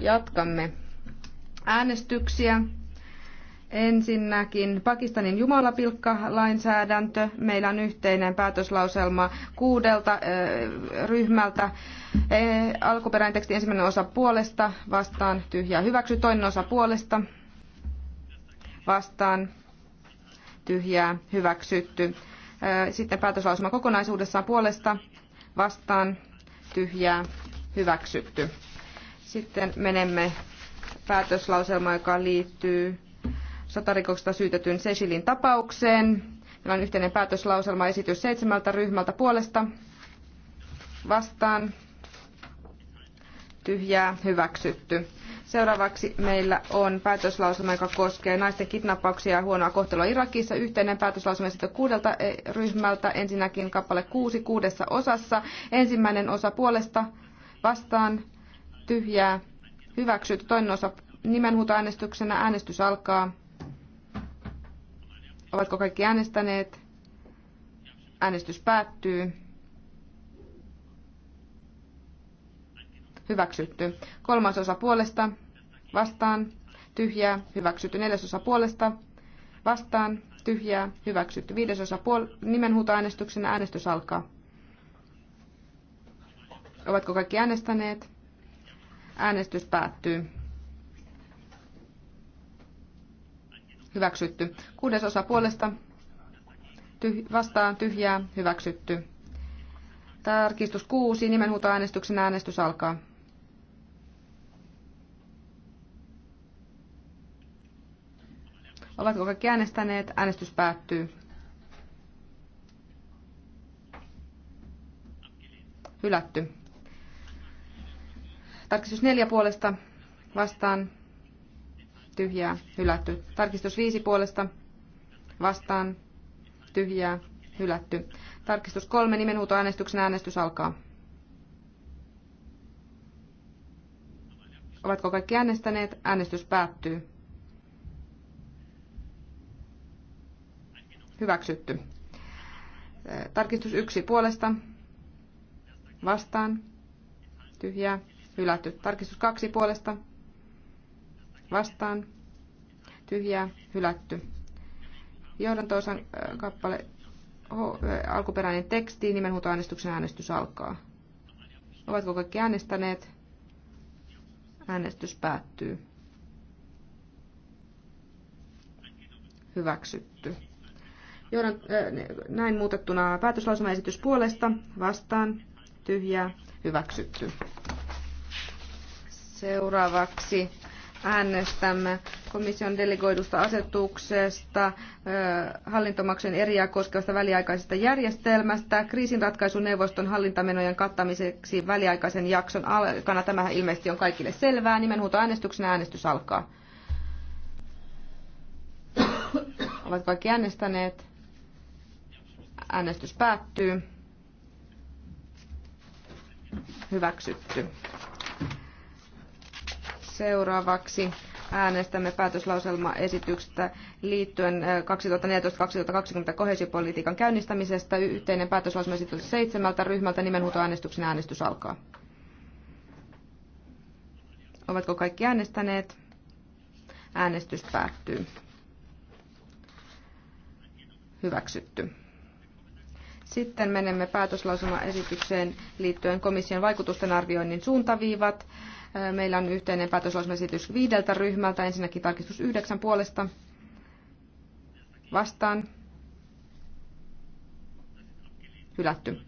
Jatkamme äänestyksiä. Ensinnäkin Pakistanin jumalapilkkalainsäädäntö. Meillä on yhteinen päätöslauselma kuudelta ryhmältä. E, alkuperäinen teksti ensimmäinen osa puolesta, vastaan tyhjää hyväksy, toinen osa puolesta, vastaan tyhjää hyväksytty. E, sitten päätöslauselma kokonaisuudessaan puolesta, vastaan tyhjää hyväksytty. Sitten menemme päätöslauselmaan, joka liittyy sotarikoksesta syytetyn Cecilin tapaukseen. Meillä on yhteinen päätöslauselma esitys seitsemältä ryhmältä puolesta vastaan tyhjää hyväksytty. Seuraavaksi meillä on päätöslauselma, joka koskee naisten kidnappauksia ja huonoa kohtelua Irakissa. Yhteinen päätöslauselma sitten kuudelta eh, ryhmältä. Ensinnäkin kappale kuusi kuudessa osassa. Ensimmäinen osa puolesta vastaan tyhjää hyväksyt. Toinen osa nimenhuutoäänestyksenä. Äänestys alkaa. Ovatko kaikki äänestäneet? Äänestys päättyy. hyväksytty. Kolmas osa puolesta, vastaan, tyhjää, hyväksytty. Neljäs osa puolesta, vastaan, tyhjää, hyväksytty. osa puol- nimenhuutoäänestyksenä äänestys alkaa. Ovatko kaikki äänestäneet? Äänestys päättyy. Hyväksytty. Kuudes osa puolesta, tyh- vastaan, tyhjää, hyväksytty. Tarkistus kuusi Nimenhuutoäänestyksen äänestys alkaa. Ovatko kaikki äänestäneet? Äänestys päättyy. Hylätty. Tarkistus neljä puolesta vastaan tyhjää, hylätty. Tarkistus viisi puolesta vastaan tyhjää, hylätty. Tarkistus kolme nimenhuutoäänestyksen äänestys alkaa. Ovatko kaikki äänestäneet? Äänestys päättyy. Hyväksytty. Tarkistus yksi puolesta. Vastaan. Tyhjää. Hylätty. Tarkistus kaksi puolesta. Vastaan. Tyhjää. Hylätty. Johdantoosan kappale alkuperäinen teksti, nimenhuutoäänestyksen äänestys alkaa. Ovatko kaikki äänestäneet? Äänestys päättyy. Hyväksytty. Johdan, näin muutettuna päätöslausumaesitys puolesta vastaan tyhjää hyväksytty. Seuraavaksi äänestämme komission delegoidusta asetuksesta, hallintomaksujen eriä koskevasta väliaikaisesta järjestelmästä, kriisinratkaisuneuvoston hallintamenojen kattamiseksi väliaikaisen jakson aikana. Tämähän ilmeisesti on kaikille selvää. Nimenhuuto äänestyksenä äänestys alkaa. Ovat kaikki äänestäneet? Äänestys päättyy. Hyväksytty. Seuraavaksi äänestämme päätöslauselmaesityksestä liittyen 2014-2020 äh, kohesiopolitiikan käynnistämisestä. Yhteinen päätöslauselmaesitys seitsemältä ryhmältä nimenhuutoäänestyksen äänestys alkaa. Ovatko kaikki äänestäneet? Äänestys päättyy. Hyväksytty. Sitten menemme päätöslausumaesitykseen liittyen komission vaikutusten arvioinnin suuntaviivat. Meillä on yhteinen päätöslausumaesitys viideltä ryhmältä. Ensinnäkin tarkistus yhdeksän puolesta. Vastaan. Hylätty.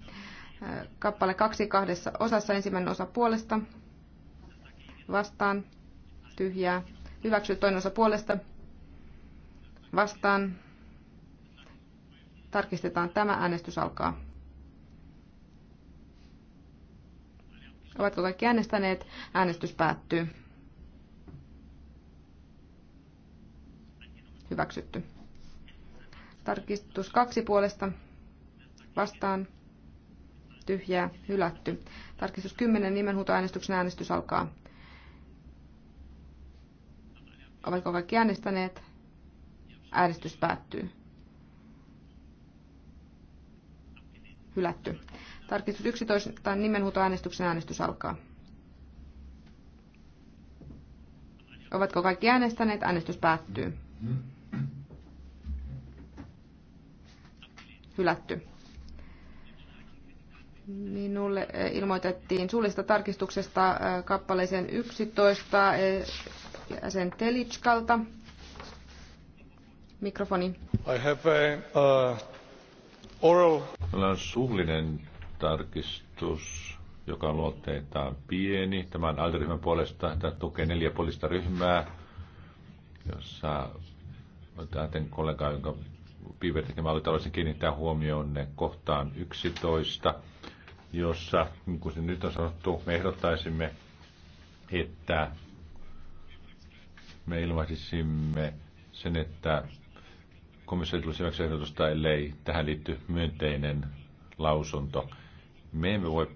Kappale kaksi kahdessa osassa. Ensimmäinen osa puolesta. Vastaan. Tyhjää. Hyväksy toinen osa puolesta. Vastaan Tarkistetaan tämä. Äänestys alkaa. Ovatko kaikki äänestäneet? Äänestys päättyy. Hyväksytty. Tarkistus kaksi puolesta. Vastaan. Tyhjää. Hylätty. Tarkistus 10. Nimenhuutoäänestyksen äänestys alkaa. Ovatko kaikki äänestäneet? Äänestys päättyy. hylätty. Tarkistus 11 nimenhuutoäänestyksen äänestys alkaa. Ovatko kaikki äänestäneet? Äänestys päättyy. Hylätty. Minulle eh, ilmoitettiin suullisesta tarkistuksesta eh, kappaleeseen 11 eh, sen Telitskalta. Mikrofoni. I have a, uh, oral Meillä on suullinen tarkistus, joka on luonteeltaan pieni. Tämä on alderyhmän puolesta. Tämä tukee neljä puolista ryhmää, jossa tämän kollega, jonka Piiver tekemä oli tällaisen kiinnittää huomioon kohtaan 11, jossa, niin kuin se nyt on sanottu, me ehdottaisimme, että me ilmaisisimme sen, että komission tulisi hyväksyä ehdotusta, ellei tähän liitty myönteinen lausunto. Me emme voi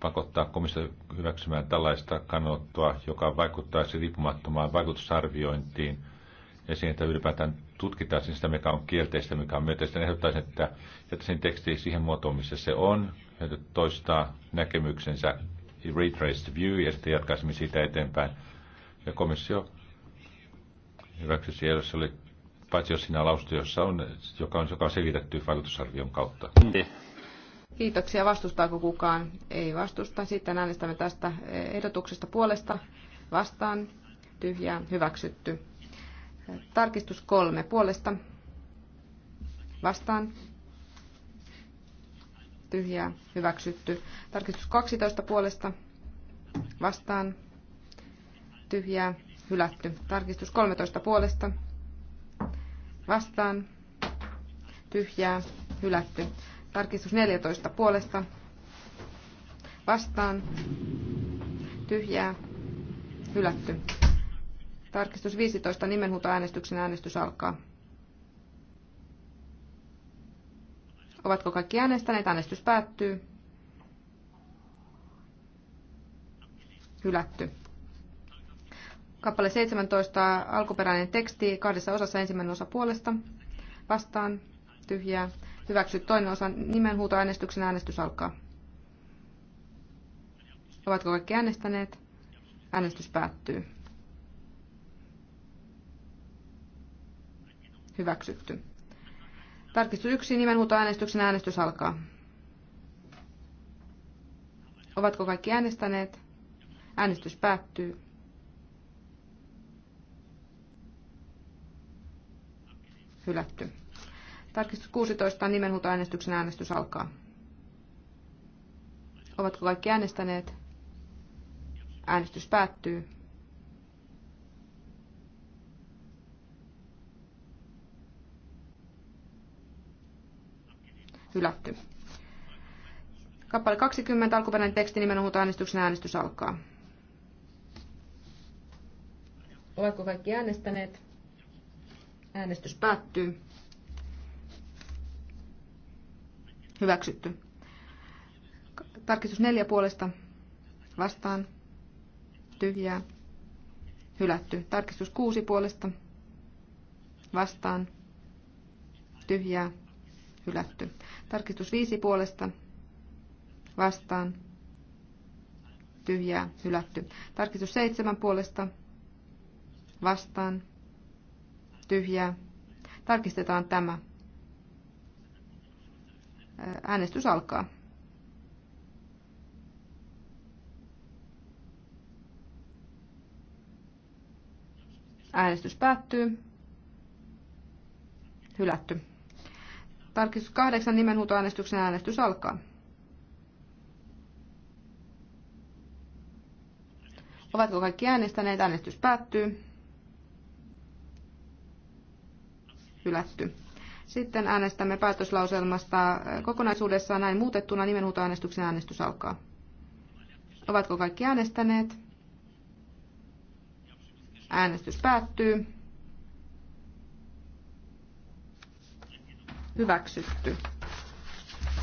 pakottaa komissio hyväksymään tällaista kannanottoa, joka vaikuttaisi riippumattomaan vaikutusarviointiin ja siihen, että ylipäätään tutkitaan sitä, mikä on kielteistä, mikä on myönteistä. Ehdottaisin, että jättäisin teksti siihen muotoon, missä se on, että toistaa näkemyksensä retraced view, ja sitten jatkaisimme siitä eteenpäin. Ja komissio hyväksyisi, jos oli paitsi jos siinä lausunto, on, joka on, joka on selitetty vaikutusarvion kautta. Kiitoksia. Vastustaako kukaan? Ei vastusta. Sitten äänestämme tästä ehdotuksesta puolesta vastaan. Tyhjää. Hyväksytty. Tarkistus kolme puolesta. Vastaan. Tyhjää. Hyväksytty. Tarkistus 12 puolesta. Vastaan. Tyhjää. Hylätty. Tarkistus 13 puolesta vastaan, tyhjää, hylätty. Tarkistus 14 puolesta, vastaan, tyhjää, hylätty. Tarkistus 15 nimenhuutoäänestyksen äänestys alkaa. Ovatko kaikki äänestäneet? Äänestys päättyy. Hylätty. Kappale 17, alkuperäinen teksti, kahdessa osassa ensimmäinen osa puolesta. Vastaan, tyhjää. Hyväksy toinen osa äänestyksen äänestys alkaa. Ovatko kaikki äänestäneet? Äänestys päättyy. Hyväksytty. Tarkistus nimenhuuto äänestyksen äänestys alkaa. Ovatko kaikki äänestäneet? Äänestys päättyy. hylätty. Tarkistus 16 nimenhuutoäänestyksen äänestys alkaa. Ovatko kaikki äänestäneet? Äänestys päättyy. Hylätty. Kappale 20, alkuperäinen teksti nimenomaan äänestyksen äänestys alkaa. Ovatko kaikki äänestäneet? Äänestys päättyy. Hyväksytty. Tarkistus neljä puolesta vastaan. Tyhjää. Hylätty. Tarkistus kuusi puolesta vastaan. Tyhjää. Hylätty. Tarkistus viisi puolesta vastaan. Tyhjää. Hylätty. Tarkistus seitsemän puolesta vastaan tyhjää. Tarkistetaan tämä. Äänestys alkaa. Äänestys päättyy. Hylätty. Tarkistus kahdeksan nimenhuutoäänestyksen äänestys alkaa. Ovatko kaikki äänestäneet? Äänestys päättyy. hylätty. Sitten äänestämme päätöslauselmasta äh, kokonaisuudessaan näin muutettuna nimenhuutoäänestyksen äänestys alkaa. Ovatko kaikki äänestäneet? Äänestys päättyy. Hyväksytty.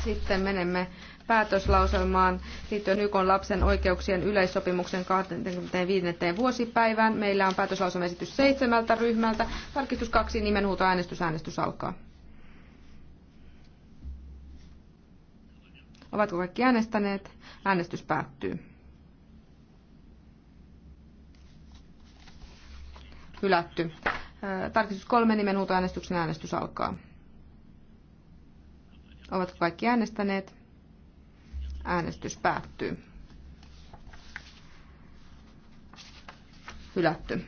Sitten menemme päätöslauselmaan liittyen YK lapsen oikeuksien yleissopimuksen 25. vuosipäivään. Meillä on päätöslauselmaesitys seitsemältä ryhmältä. Tarkistus kaksi nimenhuuto äänestys. Äänestys alkaa. Ovatko kaikki äänestäneet? Äänestys päättyy. Hylätty. Tarkistus kolme nimenhuutoäänestyksen äänestys alkaa. Ovatko kaikki äänestäneet? Äänestys päättyy. Hylätty.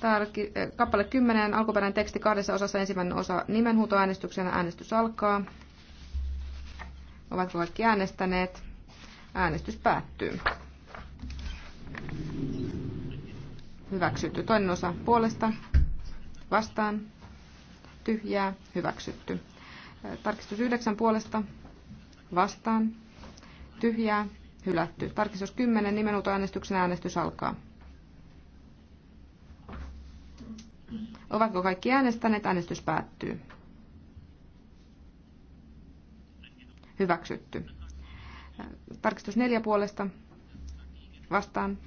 Täällä eh, kappale 10, alkuperäinen teksti kahdessa osassa, ensimmäinen osa nimenhuutoäänestyksenä, äänestys alkaa. Ovatko kaikki äänestäneet? Äänestys päättyy. Hyväksytty. Toinen osa puolesta. Vastaan. Tyhjää. Hyväksytty. Eh, tarkistus 9 puolesta. Vastaan tyhjää, hylätty. Tarkistus 10, äänestyksen äänestys alkaa. Ovatko kaikki äänestäneet? Äänestys päättyy. Hyväksytty. Tarkistus neljä puolesta. Vastaan.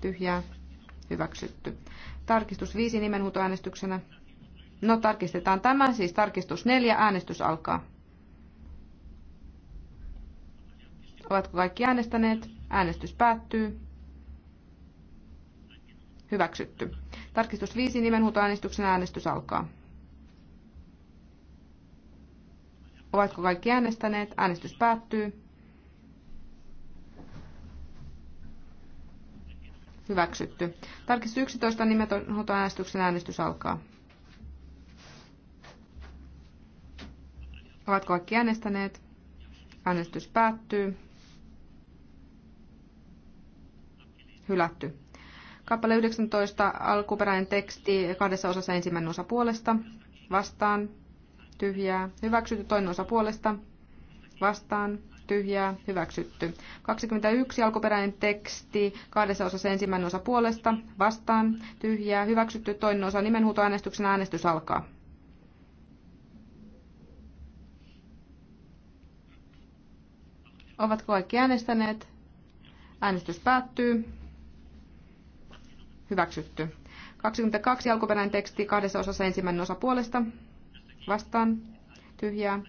Tyhjää. Hyväksytty. Tarkistus viisi nimenhuutoäänestyksenä. No tarkistetaan tämä, siis tarkistus neljä Äänestys alkaa. Ovatko kaikki äänestäneet? Äänestys päättyy. Hyväksytty. Tarkistus 5 nimenhuutoäänestyksen äänestys alkaa. Ovatko kaikki äänestäneet? Äänestys päättyy. Hyväksytty. Tarkistus 11 nimenhuutoäänestyksen äänestys alkaa. Ovatko kaikki äänestäneet? Äänestys päättyy. hylätty. Kappale 19, alkuperäinen teksti, kahdessa osassa ensimmäinen osa puolesta, vastaan, tyhjää, hyväksytty, toinen osa puolesta, vastaan, tyhjää, hyväksytty. 21, alkuperäinen teksti, kahdessa osassa ensimmäinen osa puolesta, vastaan, tyhjää, hyväksytty, toinen osa nimenhuutoäänestyksen äänestys alkaa. Ovatko kaikki äänestäneet? Äänestys päättyy. Hyväksytty. 22 alkuperäinen teksti kahdessa osassa ensimmäinen osa puolesta. Vastaan. Tyhjää.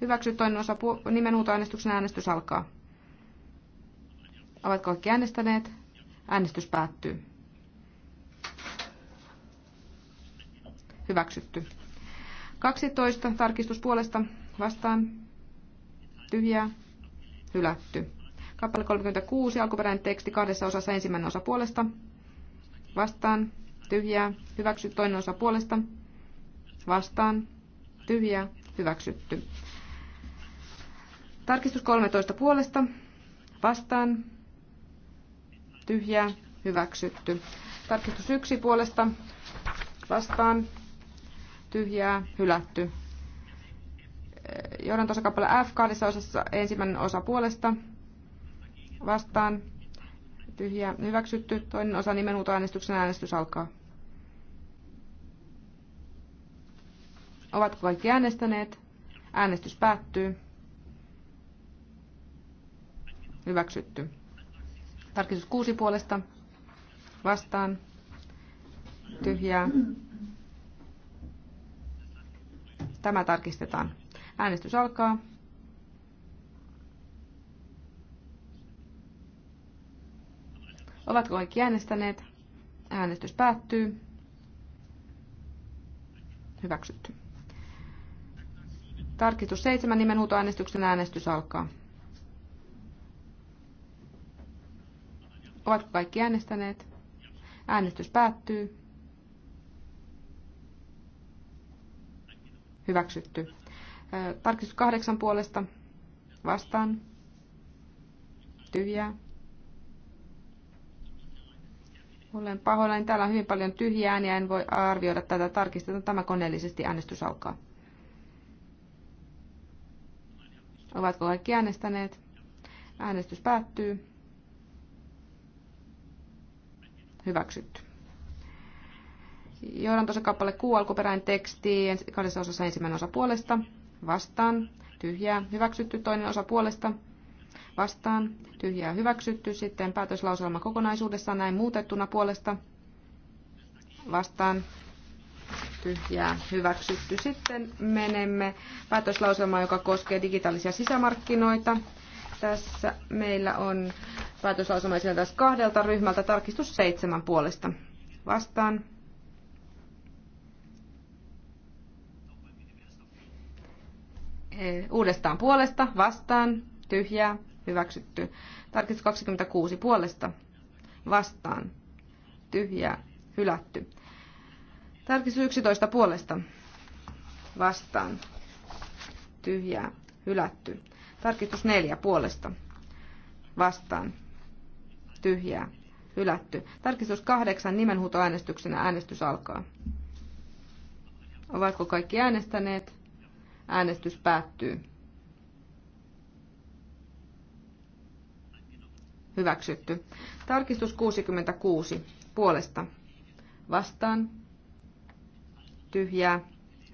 Hyväksytty toinen osa nimen äänestyksen äänestys alkaa. Ovatko kaikki äänestäneet? Äänestys päättyy. Hyväksytty. 12. Tarkistus puolesta. Vastaan. Tyhjää. Hylätty. Kappale 36. Alkuperäinen teksti kahdessa osassa ensimmäinen osa puolesta vastaan, tyhjää, Hyväksy Toinen osa puolesta, vastaan, tyhjää, hyväksytty. Tarkistus 13 puolesta, vastaan, tyhjää, hyväksytty. Tarkistus 1 puolesta, vastaan, tyhjää, hylätty. Johdantosakappale F kahdessa osassa ensimmäinen osa puolesta, vastaan, tyhjä hyväksytty. Toinen osa äänestyksen äänestys alkaa. Ovatko kaikki äänestäneet? Äänestys päättyy. Hyväksytty. Tarkistus kuusi puolesta. Vastaan. Tyhjää. Tämä tarkistetaan. Äänestys alkaa. Ovatko kaikki äänestäneet? Äänestys päättyy. Hyväksytty. Tarkistus 7. Nimenhuutoäänestyksen äänestys alkaa. Ovatko kaikki äänestäneet? Äänestys päättyy. Hyväksytty. Tarkistus kahdeksan puolesta. Vastaan. Tyhjää. Olen pahoillani. Täällä on hyvin paljon tyhjää ääniä. En voi arvioida tätä. Tarkistetaan tämä koneellisesti. Äänestys alkaa. Ovatko kaikki äänestäneet? Äänestys päättyy. Hyväksytty. Johdan tuossa kappale Q alkuperäinen teksti kahdessa osassa ensimmäinen osa puolesta. Vastaan. Tyhjää. Hyväksytty toinen osa puolesta vastaan, tyhjää hyväksytty. Sitten päätöslauselma kokonaisuudessaan näin muutettuna puolesta vastaan, tyhjää hyväksytty. Sitten menemme päätöslauselmaan, joka koskee digitaalisia sisämarkkinoita. Tässä meillä on päätöslauselma sieltä kahdelta ryhmältä tarkistus seitsemän puolesta vastaan. Uudestaan puolesta, vastaan, tyhjää, hyväksytty. Tarkistus 26 puolesta vastaan tyhjä hylätty. Tarkistus 11 puolesta vastaan tyhjä hylätty. Tarkistus 4 puolesta vastaan tyhjä hylätty. Tarkistus 8 nimenhuutoäänestyksenä äänestys alkaa. Ovatko kaikki äänestäneet? Äänestys päättyy. Hyväksytty. Tarkistus 66. Puolesta. Vastaan. Tyhjää.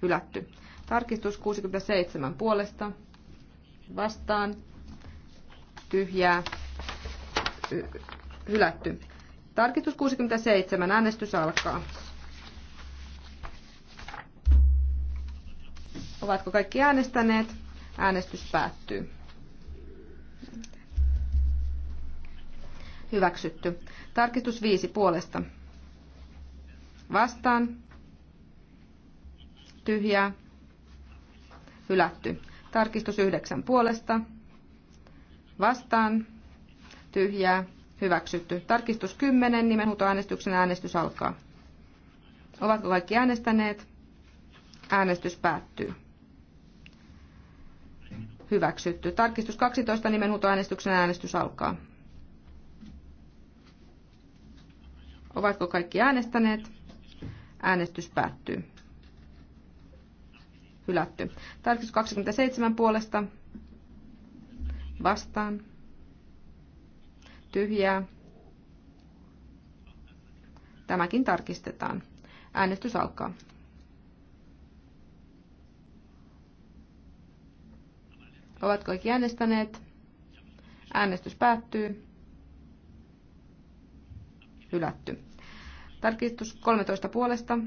Hylätty. Tarkistus 67. Puolesta. Vastaan. Tyhjää. Hylätty. Tarkistus 67. Äänestys alkaa. Ovatko kaikki äänestäneet? Äänestys päättyy. Hyväksytty. Tarkistus 5 puolesta. Vastaan. Tyhjää. Hylätty. Tarkistus 9 puolesta. Vastaan. Tyhjää. Hyväksytty. Tarkistus 10. Nimenhuutoäänestyksen äänestys alkaa. Ovatko kaikki äänestäneet? Äänestys päättyy. Hyväksytty. Tarkistus 12. Nimenhuutoäänestyksen äänestys alkaa. Ovatko kaikki äänestäneet? Äänestys päättyy. Hylätty. Tarkistus 27 puolesta. Vastaan. Tyhjää. Tämäkin tarkistetaan. Äänestys alkaa. Ovatko kaikki äänestäneet? Äänestys päättyy. Hylätty. Tarkistus 13 puolesta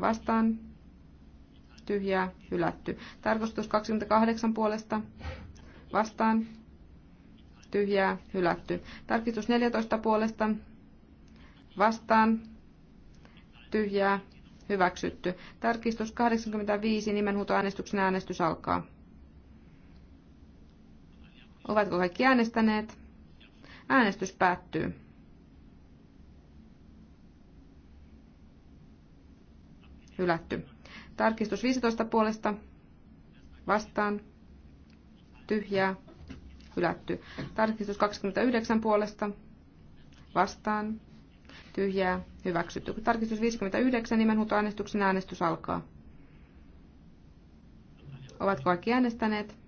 vastaan tyhjää hylätty. Tarkistus 28 puolesta vastaan tyhjää hylätty. Tarkistus 14 puolesta vastaan tyhjää hyväksytty. Tarkistus 85 nimenhuutoäänestyksen äänestys alkaa. Ovatko kaikki äänestäneet? Äänestys päättyy. Hylätty. Tarkistus 15 puolesta vastaan. Tyhjää. Hylätty. Tarkistus 29 puolesta vastaan. Tyhjää. Hyväksytty. Tarkistus 59 äänestyksen äänestys alkaa. Ovatko kaikki äänestäneet?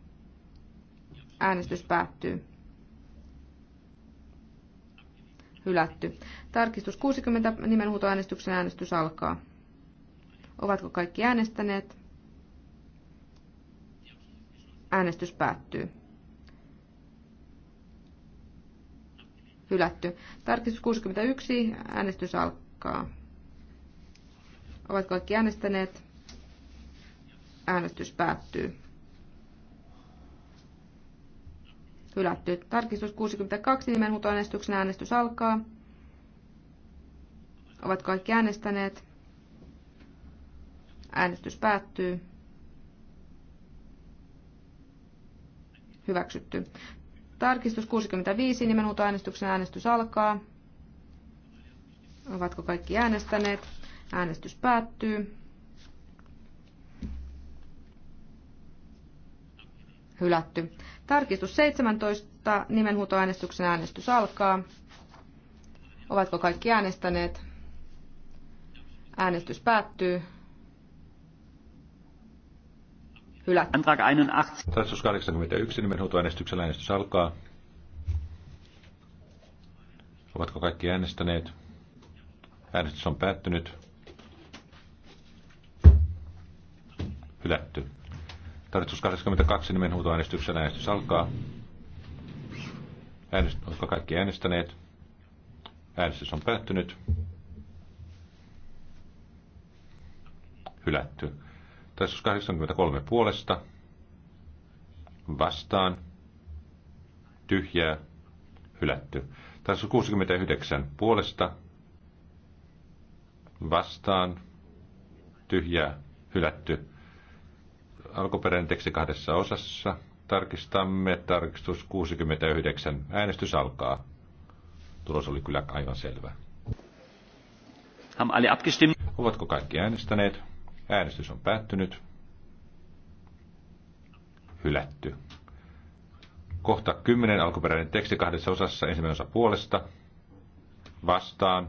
Äänestys päättyy. Hylätty. Tarkistus 60 nimenhuutoäänestyksen äänestys alkaa. Ovatko kaikki äänestäneet? Äänestys päättyy. Hylätty. Tarkistus 61. Äänestys alkaa. Ovatko kaikki äänestäneet? Äänestys päättyy. Hylätty. Tarkistus 62. Nimenhuutoäänestyksen äänestys alkaa. Ovatko kaikki äänestäneet? Äänestys päättyy. Hyväksytty. Tarkistus 65, nimenhuuto äänestyksen äänestys alkaa. Ovatko kaikki äänestäneet? Äänestys päättyy. Hylätty. Tarkistus 17, nimenhuutoäänestyksen äänestys alkaa. Ovatko kaikki äänestäneet? Äänestys päättyy. hylätty. Tarkistus 81 nimenhuutoäänestyksellä äänestys alkaa. Ovatko kaikki äänestäneet? Äänestys on päättynyt. Hylätty. Tarkistus 82 nimenhuutoäänestyksellä äänestys alkaa. Äänest, oletko kaikki äänestäneet? Äänestys on päättynyt. Hylätty. Tarkistus 83 puolesta. Vastaan. Tyhjää. Hylätty. on 69 puolesta. Vastaan. Tyhjää. Hylätty. Alkuperäinen teksti kahdessa osassa. Tarkistamme. Tarkistus 69. Äänestys alkaa. Tulos oli kyllä aivan selvä. Haben alle abgestimmt? Ovatko kaikki äänestäneet? Äänestys on päättynyt. Hylätty. Kohta 10 alkuperäinen teksti kahdessa osassa. Ensimmäinen osa puolesta. Vastaan.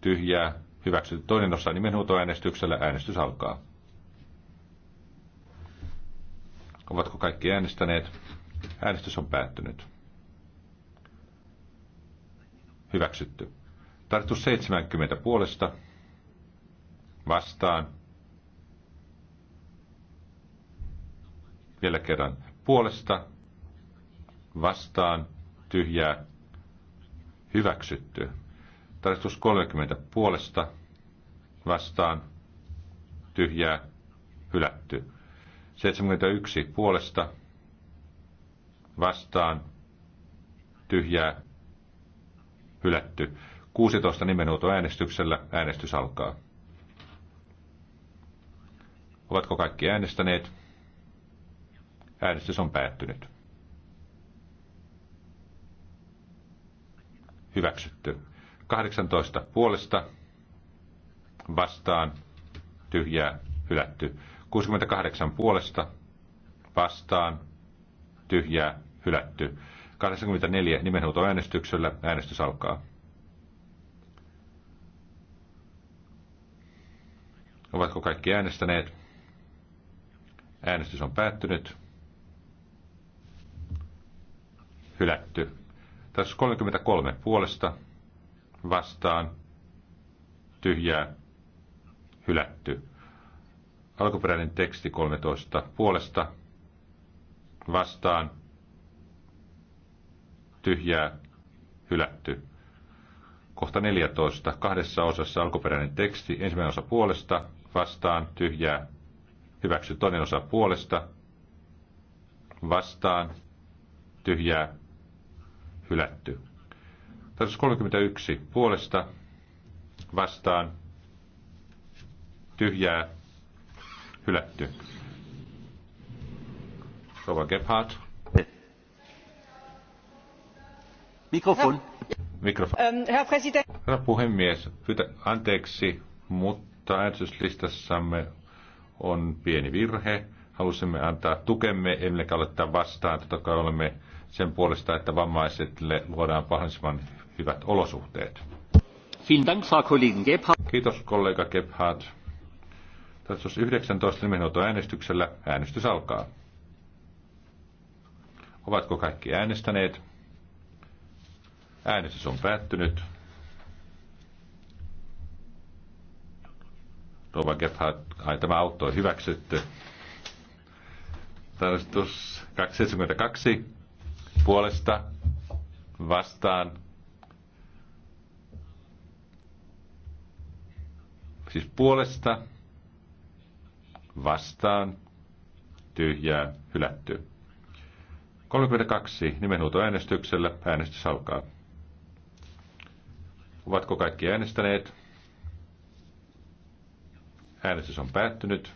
Tyhjää. Hyväksytty toinen osa nimenhuutoäänestyksellä. Äänestys alkaa. Ovatko kaikki äänestäneet? Äänestys on päättynyt. Hyväksytty. Tartus 70 puolesta. Vastaan Vielä kerran puolesta, vastaan, tyhjää, hyväksytty. Tarkistus 30 puolesta, vastaan, tyhjää, hylätty. 71 puolesta, vastaan, tyhjää, hylätty. 16 nimenhuuto äänestyksellä. Äänestys alkaa. Ovatko kaikki äänestäneet? Äänestys on päättynyt. Hyväksytty. 18 puolesta vastaan tyhjää hylätty. 68 puolesta vastaan tyhjää hylätty. 84 nimenhuutoäänestyksellä äänestys alkaa. Ovatko kaikki äänestäneet? Äänestys on päättynyt. hylätty. Tässä 33 puolesta vastaan tyhjää hylätty. Alkuperäinen teksti 13 puolesta vastaan tyhjää hylätty. Kohta 14. Kahdessa osassa alkuperäinen teksti. Ensimmäinen osa puolesta vastaan tyhjää hyväksy. Toinen osa puolesta vastaan tyhjää hylätty. Tarkoitus 31 puolesta vastaan tyhjää hylätty. Rova Gebhardt. Mikrofon. Mikrofon. Ähm, Herra puhemies, pyytä anteeksi, mutta äänestyslistassamme on pieni virhe. Halusimme antaa tukemme, emmekä ole vastaan, totta kai olemme sen puolesta, että vammaisille luodaan mahdollisimman hyvät olosuhteet. Kiitos kollega Gebhardt. Tässä olisi 19 äänestyksellä äänestys alkaa. Ovatko kaikki äänestäneet? Äänestys on päättynyt. Rova Gebhardt, ai tämä auto on hyväksytty. Tarkistus 272 puolesta vastaan. Siis puolesta vastaan tyhjää hylätty. 32 äänestyksellä äänestys alkaa. Ovatko kaikki äänestäneet? Äänestys on päättynyt.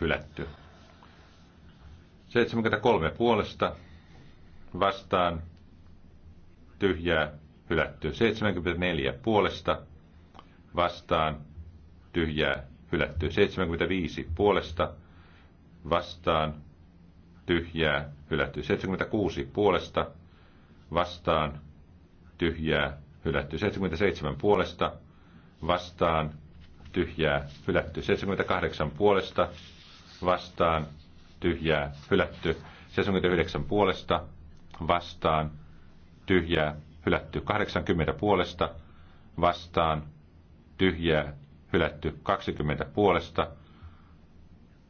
Hylätty. 73 puolesta vastaan tyhjää hylätty. 74 puolesta vastaan tyhjää hylätty. 75 puolesta vastaan tyhjää hylätty. 76 puolesta vastaan tyhjää hylätty. 77 puolesta vastaan tyhjää hylätty. 78 puolesta vastaan tyhjää, hylätty. 79 puolesta, vastaan, tyhjää, hylätty. 80 puolesta, vastaan, tyhjää, hylätty. 20 puolesta,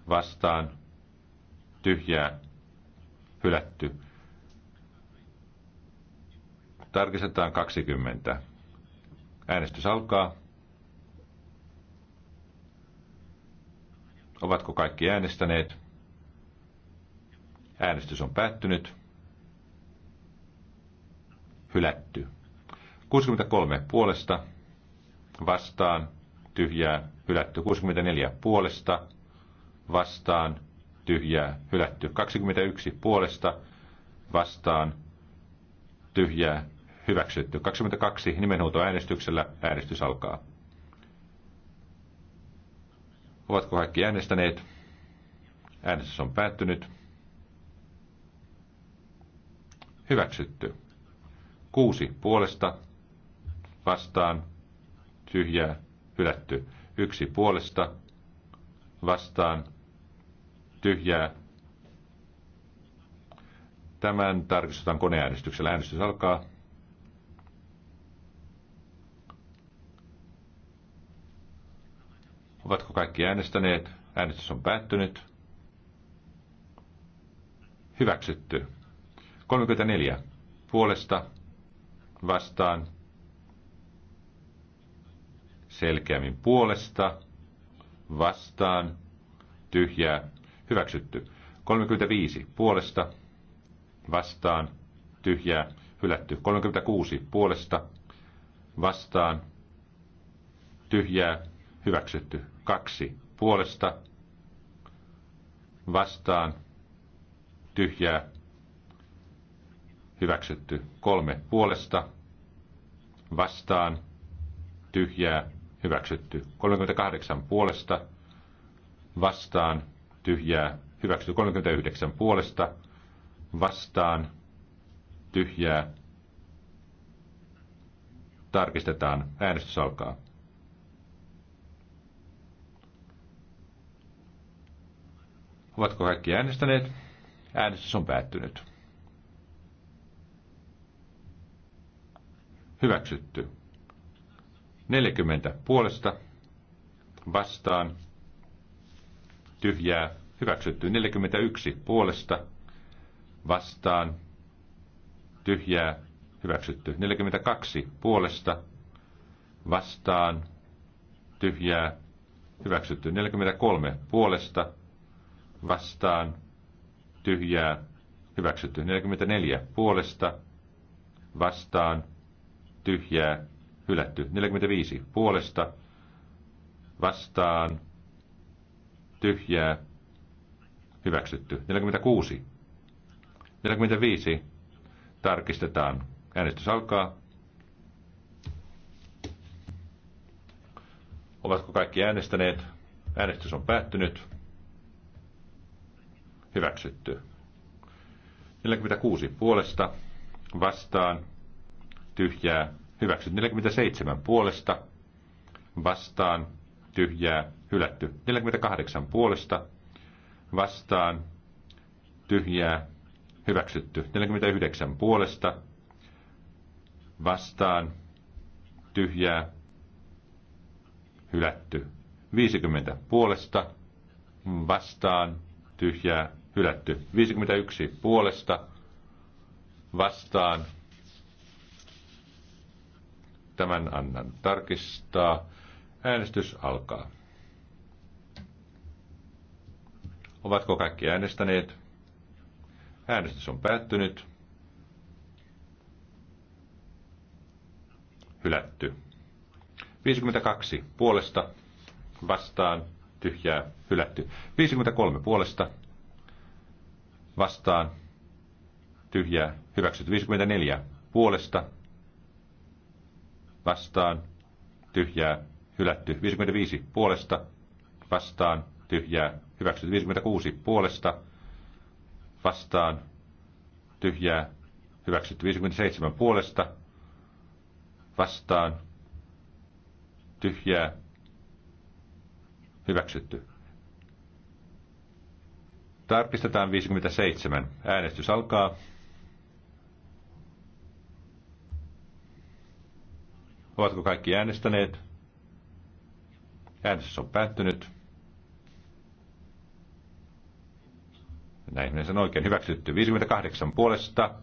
vastaan, tyhjää, hylätty. Tarkistetaan 20. Äänestys alkaa. Ovatko kaikki äänestäneet? Äänestys on päättynyt. Hylätty. 63 puolesta vastaan tyhjää hylätty. 64 puolesta vastaan tyhjää hylätty. 21 puolesta vastaan tyhjää hyväksytty. 22 äänestyksellä äänestys alkaa. Ovatko kaikki äänestäneet? Äänestys on päättynyt. Hyväksytty. Kuusi puolesta vastaan tyhjää hylätty. Yksi puolesta vastaan tyhjää. Tämän tarkistetaan koneäänestyksellä. Äänestys alkaa. Ovatko kaikki äänestäneet? Äänestys on päättynyt. Hyväksytty. 34 puolesta vastaan selkeämmin puolesta vastaan tyhjää hyväksytty. 35 puolesta vastaan tyhjää hylätty. 36 puolesta vastaan tyhjää hyväksytty. 2 puolesta vastaan tyhjää hyväksytty. Kolme puolesta, vastaan, tyhjää, hyväksytty. 38 puolesta, vastaan, tyhjää, hyväksytty. 39 puolesta, vastaan, tyhjää, tarkistetaan. Äänestys alkaa. Ovatko kaikki äänestäneet? Äänestys on päättynyt. Hyväksytty. 40 puolesta vastaan. Tyhjää. Hyväksytty. 41 puolesta vastaan. Tyhjää. Hyväksytty. 42 puolesta vastaan. Tyhjää. Hyväksytty. 43 puolesta vastaan. Tyhjää. Hyväksytty. 44 puolesta vastaan tyhjää, hylätty. 45 puolesta, vastaan, tyhjää, hyväksytty. 46. 45 tarkistetaan. Äänestys alkaa. Ovatko kaikki äänestäneet? Äänestys on päättynyt. Hyväksytty. 46 puolesta vastaan tyhjää, hyväksytty 47 puolesta, vastaan, tyhjää, hylätty 48 puolesta, vastaan, tyhjää, hyväksytty 49 puolesta, vastaan, tyhjää, hylätty 50 puolesta, vastaan, tyhjää, hylätty 51 puolesta, vastaan, Tämän annan tarkistaa. Äänestys alkaa. Ovatko kaikki äänestäneet? Äänestys on päättynyt. Hylätty. 52 puolesta vastaan tyhjää hylätty. 53 puolesta vastaan tyhjää hyväksytty. 54 puolesta vastaan, tyhjää, hylätty. 55 puolesta, vastaan, tyhjää, hyväksytty. 56 puolesta, vastaan, tyhjää, hyväksytty. 57 puolesta, vastaan, tyhjää, hyväksytty. Tarkistetaan 57. Äänestys alkaa. Ovatko kaikki äänestäneet? Äänestys on päättynyt. Näin sen oikein hyväksytty. 58 puolesta.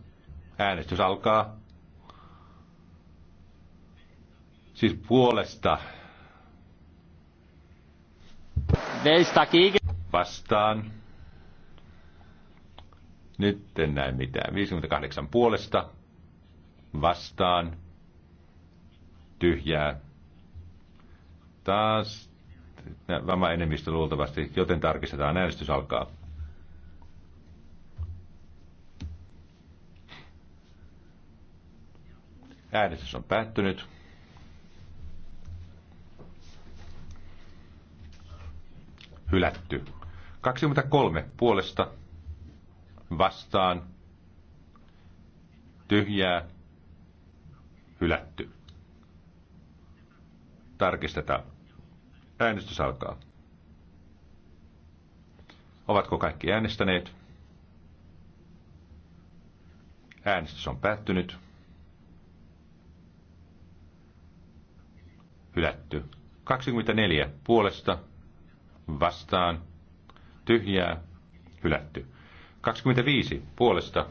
Äänestys alkaa. Siis puolesta. Vastaan. Nyt en näe mitään. 58 puolesta. Vastaan tyhjää. Taas vamma enemmistö luultavasti, joten tarkistetaan. Äänestys alkaa. Äänestys on päättynyt. Hylätty. 23 puolesta vastaan tyhjää hylätty tarkistetaan. Äänestys alkaa. Ovatko kaikki äänestäneet? Äänestys on päättynyt. Hylätty. 24 puolesta vastaan tyhjää hylätty. 25 puolesta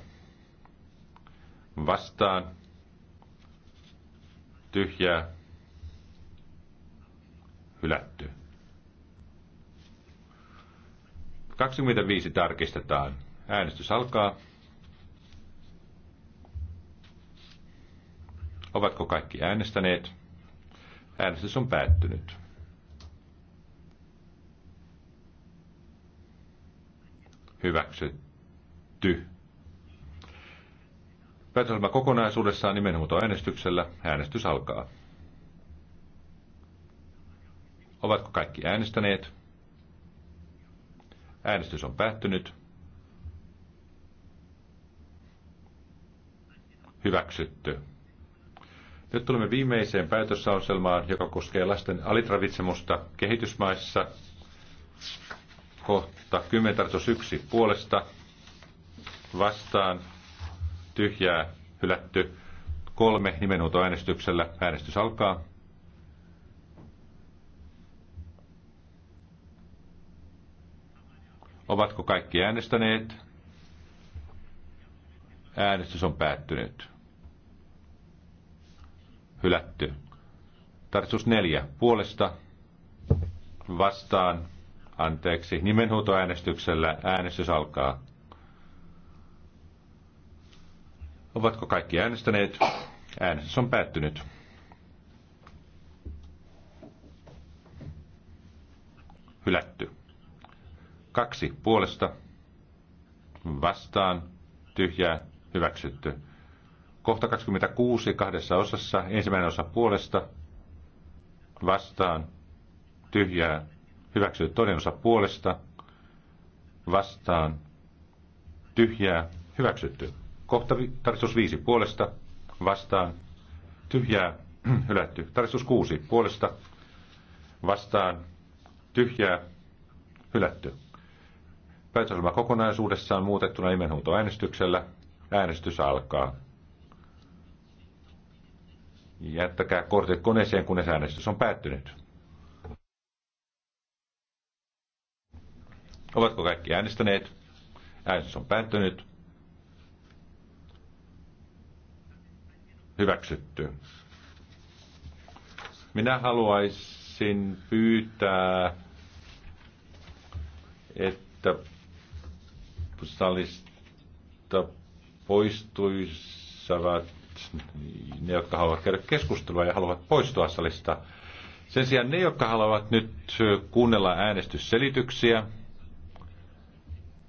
vastaan tyhjää hylätty. 25 tarkistetaan. Äänestys alkaa. Ovatko kaikki äänestäneet? Äänestys on päättynyt. Hyväksytty. Päätöselmä kokonaisuudessaan nimenhuutoäänestyksellä. Äänestys alkaa. Ovatko kaikki äänestäneet? Äänestys on päättynyt. Hyväksytty. Nyt tulemme viimeiseen päätösauselmaan, joka koskee lasten alitravitsemusta kehitysmaissa. Kohta 10 tarkoitus 1 puolesta vastaan tyhjää hylätty kolme nimenhuutoäänestyksellä. Äänestys alkaa. Ovatko kaikki äänestäneet? Äänestys on päättynyt. Hylätty. Tarkistus neljä. Puolesta vastaan. Anteeksi. Nimenhuutoäänestyksellä äänestys alkaa. Ovatko kaikki äänestäneet? Äänestys on päättynyt. Hylätty. Kaksi puolesta vastaan tyhjää hyväksytty. Kohta 26 kahdessa osassa. Ensimmäinen osa puolesta vastaan tyhjää hyväksytty. Toinen osa puolesta vastaan tyhjää hyväksytty. Kohta tarkistus 5 puolesta vastaan tyhjää hylätty. Tarkistus 6 puolesta vastaan tyhjää hylätty. Päätöselmä kokonaisuudessaan muutettuna nimenhuutoäänestyksellä. Äänestys alkaa. Jättäkää kortit koneeseen, kunnes äänestys on päättynyt. Ovatko kaikki äänestäneet? Äänestys on päättynyt. Hyväksytty. Minä haluaisin pyytää, että salista poistuisivat ne, jotka haluavat käydä keskustelua ja haluavat poistua salista. Sen sijaan ne, jotka haluavat nyt kuunnella äänestysselityksiä,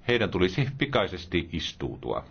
heidän tulisi pikaisesti istuutua.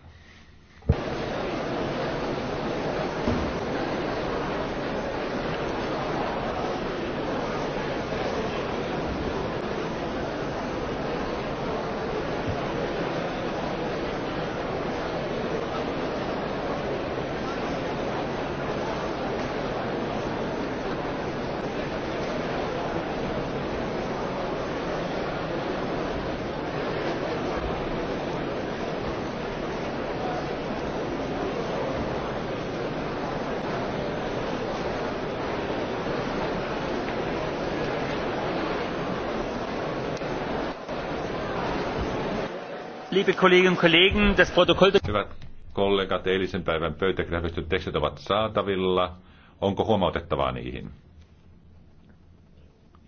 liebe Kolleginnen und Kollegen, das Protokoll... Hyvät kollegat, eilisen päivän pöytäkirjahykset tekstit ovat saatavilla. Onko huomautettavaa niihin?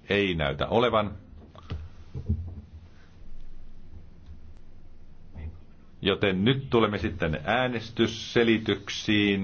Ei näytä olevan. Joten nyt tulemme sitten äänestysselityksiin.